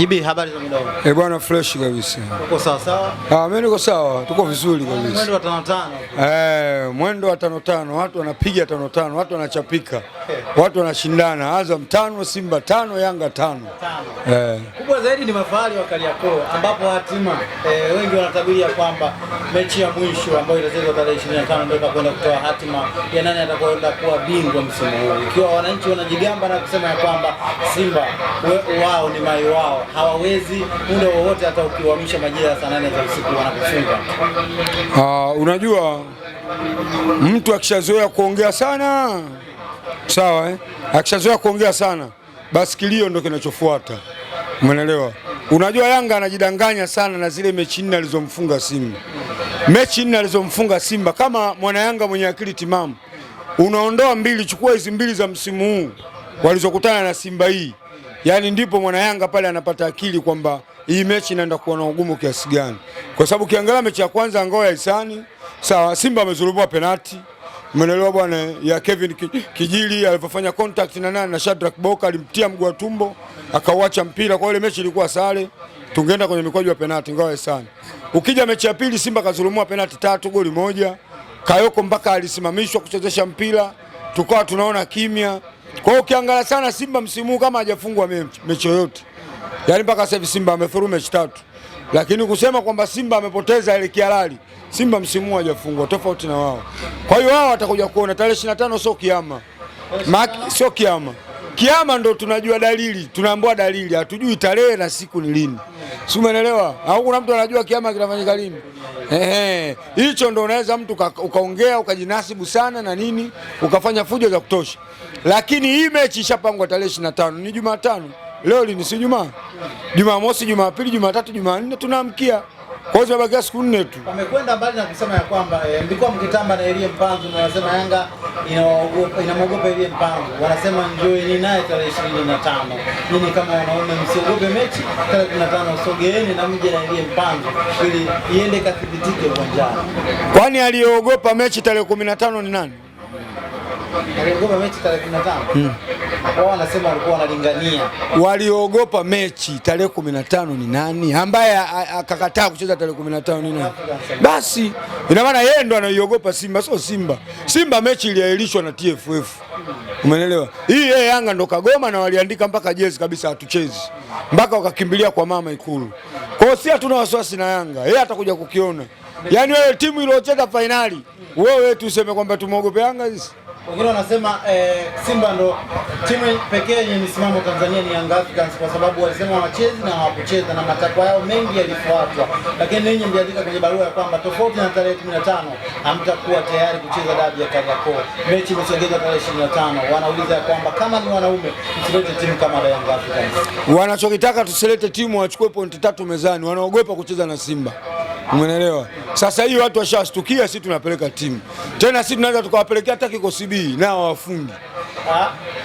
Jibi, habari za midomo? Eh, bwana fresh kabisa. Uko sawa sawa? Ah, mimi niko sawa, tuko vizuri kabisa. Mwendo wa tano tano. Eh, mwendo wa tano tano, watu wanapiga tano tano, watu wanachapika watu wanashindana, Azam tano, Simba tano, Yanga tano. Eh. Kubwa zaidi ni mafahali wa Kariakoo ambapo hatima eh, wengi wanatabiria kwamba mechi ya mwisho ambayo itachezwa tarehe 25 ndio itakwenda kutoa hatima ya nani atakwenda kuwa bingwa msimu huu, ikiwa wananchi wanajigamba na kusema ya kwamba Simba wao ni mai wao, hawawezi muda wowote, hata ukiwamisha majira ya saa nane za usiku wanakufunga. Uh, unajua mtu akishazoea kuongea sana sawa eh? Akishazoea kuongea sana, basi kilio ndio kinachofuata, umeelewa? Unajua Yanga anajidanganya sana na zile mechi nne alizomfunga Simba, mechi nne alizomfunga Simba. Kama mwana Yanga mwenye akili timamu, unaondoa mbili, chukua hizi mbili za msimu huu walizokutana na Simba hii, yaani ndipo mwana Yanga pale anapata akili kwamba hii mechi inaenda kuwa na ugumu kiasi gani, kwa sababu ukiangalia mechi ya kwanza ngao ya Isani, sawa, Simba amezulumiwa penati Umeelewa bwana, ya Kevin Kijili alivyofanya contact na nani na Shadrack Boka, alimtia mguu wa tumbo akauacha mpira. Kwa ile mechi ilikuwa sare, tungeenda kwenye mikwaju ya penalti ingawa sana. Ukija mechi ya pili, Simba kazulumua penalti tatu goli moja. Kayoko mpaka alisimamishwa kuchezesha mpira, tukawa tunaona kimya. Kwa hiyo ukiangalia sana Simba msimu kama hajafungwa mechi yoyote, yaani mpaka sasa hivi Simba amefuru mechi tatu lakini kusema kwamba Simba amepoteza ile kialali, Simba msimu hajafungwa tofauti na wao. Kwa hiyo wao watakuja kuona tarehe 25, sio kiama, sio kiama. Kiama ndo tunajua dalili, tunaambiwa dalili, hatujui tarehe na siku ni lini, si umeelewa? Au kuna mtu anajua kiama kinafanyika lini? Ehe, hicho ndo unaweza mtu ukaongea ukajinasibu sana na nini ukafanya fujo za kutosha, lakini hii mechi ishapangwa tarehe 25, ni Jumatano leo lini? Si Jumaa, Jumamosi, Jumapili, Jumatatu, Jumanne tunaamkia kwa hiyo zimebakia siku nne tu. Wamekwenda mbali na kusema ya kwamba eh, mlikuwa mkitamba na Elie Mpanzu na wanasema Yanga inamwogopa Elie Mpanzu, wanasema njoeni naye tarehe ishirini na tano. Nini kama wanaume msiogope mechi tarehe ishirini na tano, sogeeni na mje na Elie Mpanzu ili iende kathibitike uwanjani. Kwani aliyoogopa mechi tarehe kumi na tano ni nani? waliogopa mechi tarehe 15 hmm. wao wanasema walikuwa wanalingania. Waliogopa mechi tarehe 15 ni nani? Ambaye akakataa kucheza tarehe 15 ni nani? Basi ina maana yeye ndo anaiogopa Simba, sio Simba. Simba mechi iliahirishwa na TFF. Umeelewa? Hii yeye Yanga ndo kagoma na waliandika mpaka jezi kabisa hatuchezi. Mpaka wakakimbilia kwa mama Ikulu. Kwa hiyo si hatuna wasiwasi na Yanga. Yeye atakuja kukiona. Yaani wewe timu iliyocheza fainali, wewe tuseme kwamba tumeogopa Yanga sisi? Wengine wanasema eh, Simba ndo timu pekee yenye misimamo Tanzania ni Young Africans kwa sababu walisema wachezi na hawakucheza na matakwa yao mengi yalifuatwa, lakini ninyi mliandika kwenye barua ya kwamba tofauti na tarehe 15 hamtakuwa tayari kucheza dabi ya Kariakoo. Mechi imesogezwa tarehe 25. Wanauliza ya kwamba kama ni wanaume msilete timu kama Young Africans. Wanachokitaka tusilete timu wachukue pointi tatu mezani, wanaogopa kucheza na Simba. Umeelewa? Sasa hii watu washashtukia, sisi tunapeleka timu tena, sisi tunaweza tukawapelekea hata kikosi B nao wafungi.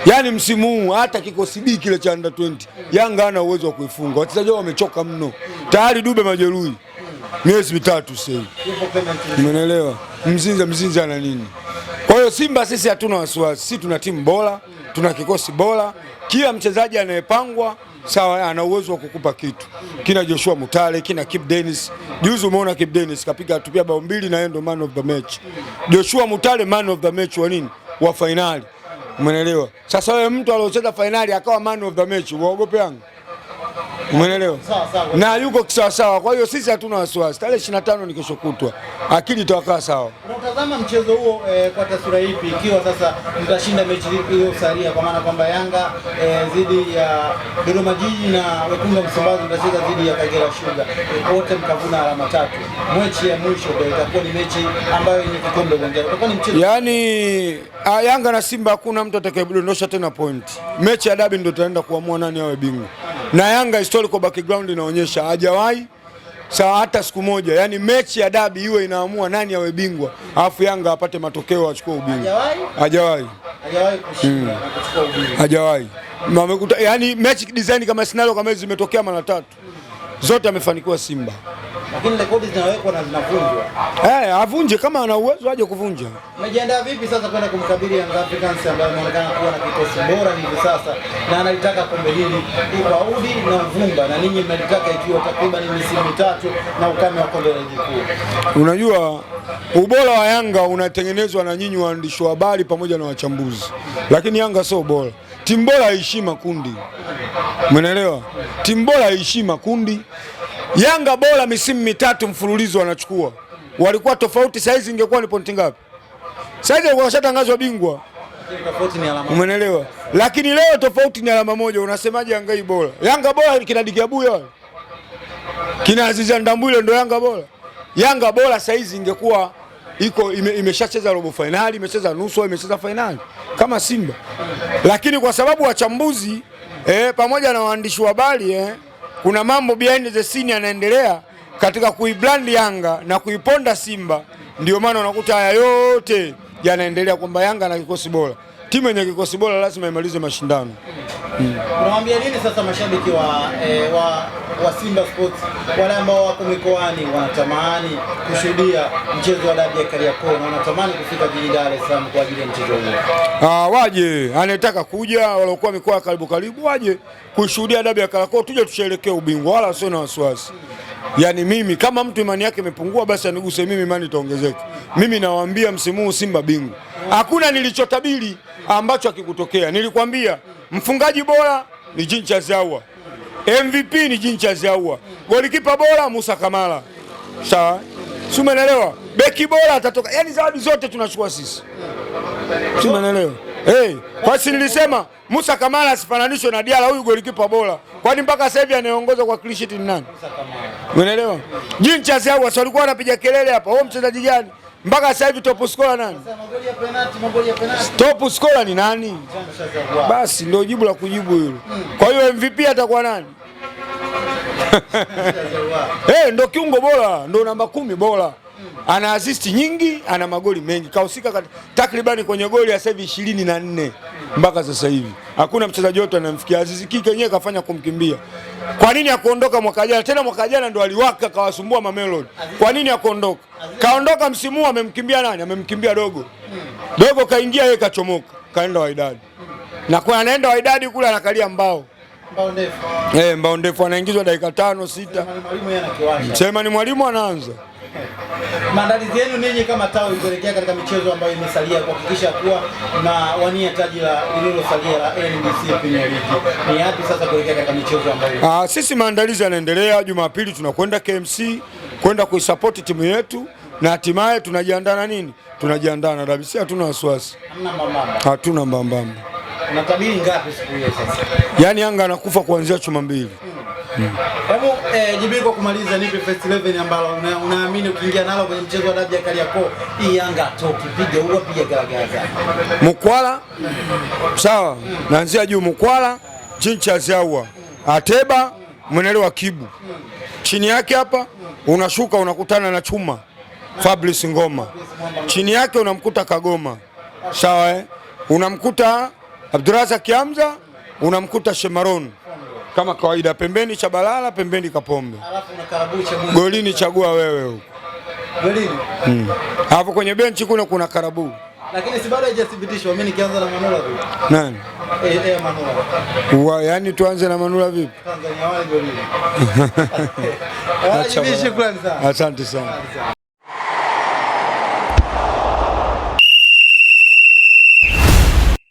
Yaani msimu huu hata kikosi B kile cha under 20 Yanga ana uwezo wa kuifunga. Wachezaji wao wamechoka mno tayari, Dube majeruhi miezi mitatu sasa hivi, umeelewa? Mzinza mzinza ana nini? Kwa hiyo Simba sisi hatuna wasiwasi, sisi tuna timu bora tuna kikosi bora. Kila mchezaji anayepangwa sawa, ana uwezo wa kukupa kitu. Kina Joshua Mutale, kina Kip Dennis, juzi umeona Kip Dennis kapiga tupia bao mbili, na yeye ndo man of the match. Joshua Mutale man of the match wa nini? Wa fainali, umeelewa? Sasa wewe mtu aliocheza fainali akawa man of the match, waogope yangu? Umeelewa? Na yuko kisawasawa, kwa hiyo sisi hatuna wasiwasi. Tarehe ishirini na tano ni kesho kutwa, akili itakaa sawa. Unatazama mchezo huo eh, kwa taswira ipi, ikiwa sasa mtashinda mechi iliyosalia, kwa maana kwamba Yanga eh, ya Dodoma Jiji na Wekundu wa Msimbazi mtacheza dhidi ya Kagera Sugar, eh, wote mkavuna alama tatu, mechi ya mwisho ndio itakuwa ni mechi ambayo yenye kikombe uwanjani, utakuwa ni mchezo yaani a, Yanga na Simba hakuna mtu atakayedondosha tena point. Mechi ya dabi ndio tutaenda kuamua nani awe bingwa na Yanga historical background inaonyesha hajawahi saa hata siku moja, yani mechi ya dabi iwe inaamua nani awe bingwa, alafu Yanga apate matokeo achukue ubingwa. Hajawahi, hajawahi mm. yani mechi design kama scenario kama hizo zimetokea mara tatu, zote amefanikiwa Simba lakini rekodi zinawekwa na zinavunjwa. Eh, avunje kama ana uwezo aje kuvunja. Umejiandaa vipi sasa kwenda kumkabili Young Africans ambaye anaonekana kuwa na kikosi bora hivi sasa na analitaka kombe hili kwa udi na vumba, na ninyi mnalitaka ikiwa takriban misimu mitatu na ukame wa kombe la ligi kuu. Unajua ubora wa Yanga unatengenezwa na nyinyi waandishi wa habari pamoja na wachambuzi, lakini Yanga sio bora. Timu bora haiheshima kundi, mnaelewa? Timu bora haiheshima kundi Yanga bora misimu mitatu mfululizo wanachukua, walikuwa tofauti. Saizi ingekuwa ni pointi ngapi? Saizi walikuwa washatangazwa bingwa, umenelewa? Lakini leo tofauti ni alama moja. Unasemaje Yanga hii bora? Yanga bora kina Dikiabuya kina Azizia Ndambwile ndo Yanga bora? Yanga bora saizi ingekuwa iko imeshacheza ime robo fainali, imecheza nusu, imecheza fainali kama Simba, lakini kwa sababu wachambuzi eh, pamoja na waandishi wa habari eh, kuna mambo behind the scene yanaendelea katika kuibrand Yanga na kuiponda Simba. Ndio maana unakuta haya yote yanaendelea kwamba Yanga na kikosi bora timu yenye kikosi bora lazima imalize mashindano. Unamwambia nini sasa mashabiki wa, eh, wa, wa Simba Sports wale ambao wako mikoani wanatamani kushuhudia mchezo wa dabi ya Kariakoo na wanatamani kufika jijini Dar es Salaam kwa ajili ya mchezo huo? Ah, waje, anayetaka kuja waliokuwa mikoa karibu karibu waje kushuhudia dabi ya Kariakoo, tuje tusherekee ubingwa, wala sio na wasiwasi yani mimi kama mtu imani yake imepungua, basi aniguse mimi, imani itaongezeka. Mimi nawaambia msimu huu Simba bingu hakuna nilichotabiri ambacho akikutokea Nilikwambia mfungaji bora ni Jincha Zawa, MVP ni Jincha Zawa, golikipa bora Musa Kamara, sawa, si umeelewa? Beki bora atatoka, yani zawadi zote tunachukua sisi, si umeelewa? Hey, kwa si nilisema Musa Kamara asifananishwe na Diala, huyu golikipa bora. Kwani mpaka sasa hivi anayeongoza kwa clean sheet ni nani? Unaelewa? Jinchas hao walikuwa wanapiga kelele hapa. Wao mchezaji gani? Mpaka sasa hivi top scorer nani? Top scorer ni nani? Basi ndio jibu la kujibu hilo. Kwa hiyo MVP atakuwa nani? Eh, hey, ndio kiungo bora, ndio namba kumi bora ana assist nyingi, ana magoli mengi, kahusika takribani kwenye goli ya sasa hivi ishirini na nne mpaka sasa hivi. Hakuna mchezaji wote anamfikia Aziz Ki, yenyewe kafanya kumkimbia. Kwa nini akuondoka mwaka jana? Tena mwaka jana ndo aliwaka kawasumbua Mamelodi. Kwa nini akuondoka? Kaondoka msimu huu, amemkimbia nani? Amemkimbia dogo dogo, kaingia yeye, kachomoka, kaenda Wydad na kwa anaenda Wydad kule anakalia mbao mbao ndefu, eh, mbao ndefu, anaingizwa dakika tano sita, sema ni mwalimu anaanza Maandalizi yenu ninyi kama tawi kuelekea katika michezo ambayo imesalia kuhakikisha kuwa na wania taji la lililosalia la NBC Premier League. Ni yapi sasa kuelekea katika michezo ambayo? Ah, sisi maandalizi yanaendelea. Jumapili tunakwenda KMC kwenda kuisapoti timu yetu na hatimaye tunajiandaa na nini? Tunajiandaa na dabi. Hatuna wasiwasi. Hatuna mbambamba. Unatabiri ngapi siku hiyo sasa? Yaani Yanga anakufa kuanzia chuma mbili. Hebu eh, Jibril, kwa kumaliza, nipe first 11 ambalo unaamini ukiingia nalo kwenye mchezo wa dabi ya Kariakoo hii Yanga toki piga huwa piga garagaza Mukwala sawa, naanzia juu Mukwala chincha zaua Ateba mwenele wa Kibu chini yake hapa unashuka unakutana na chuma Fabrice Ngoma, chini yake unamkuta Kagoma sawa, eh? unamkuta Abdurazak Hamza, unamkuta Shemaron kama kawaida, pembeni cha balala, pembeni Kapombe, golini chagua wewe huko golini hapo, hmm. kwenye benchi kuna kuna karabu lakini si bado haijathibitishwa. Mimi nikianza na Manula vipi? Nani? Eh, eh Manula. Wa, yani tuanze na Manula vipi? Tanzania wale ndio vile. Asante sana.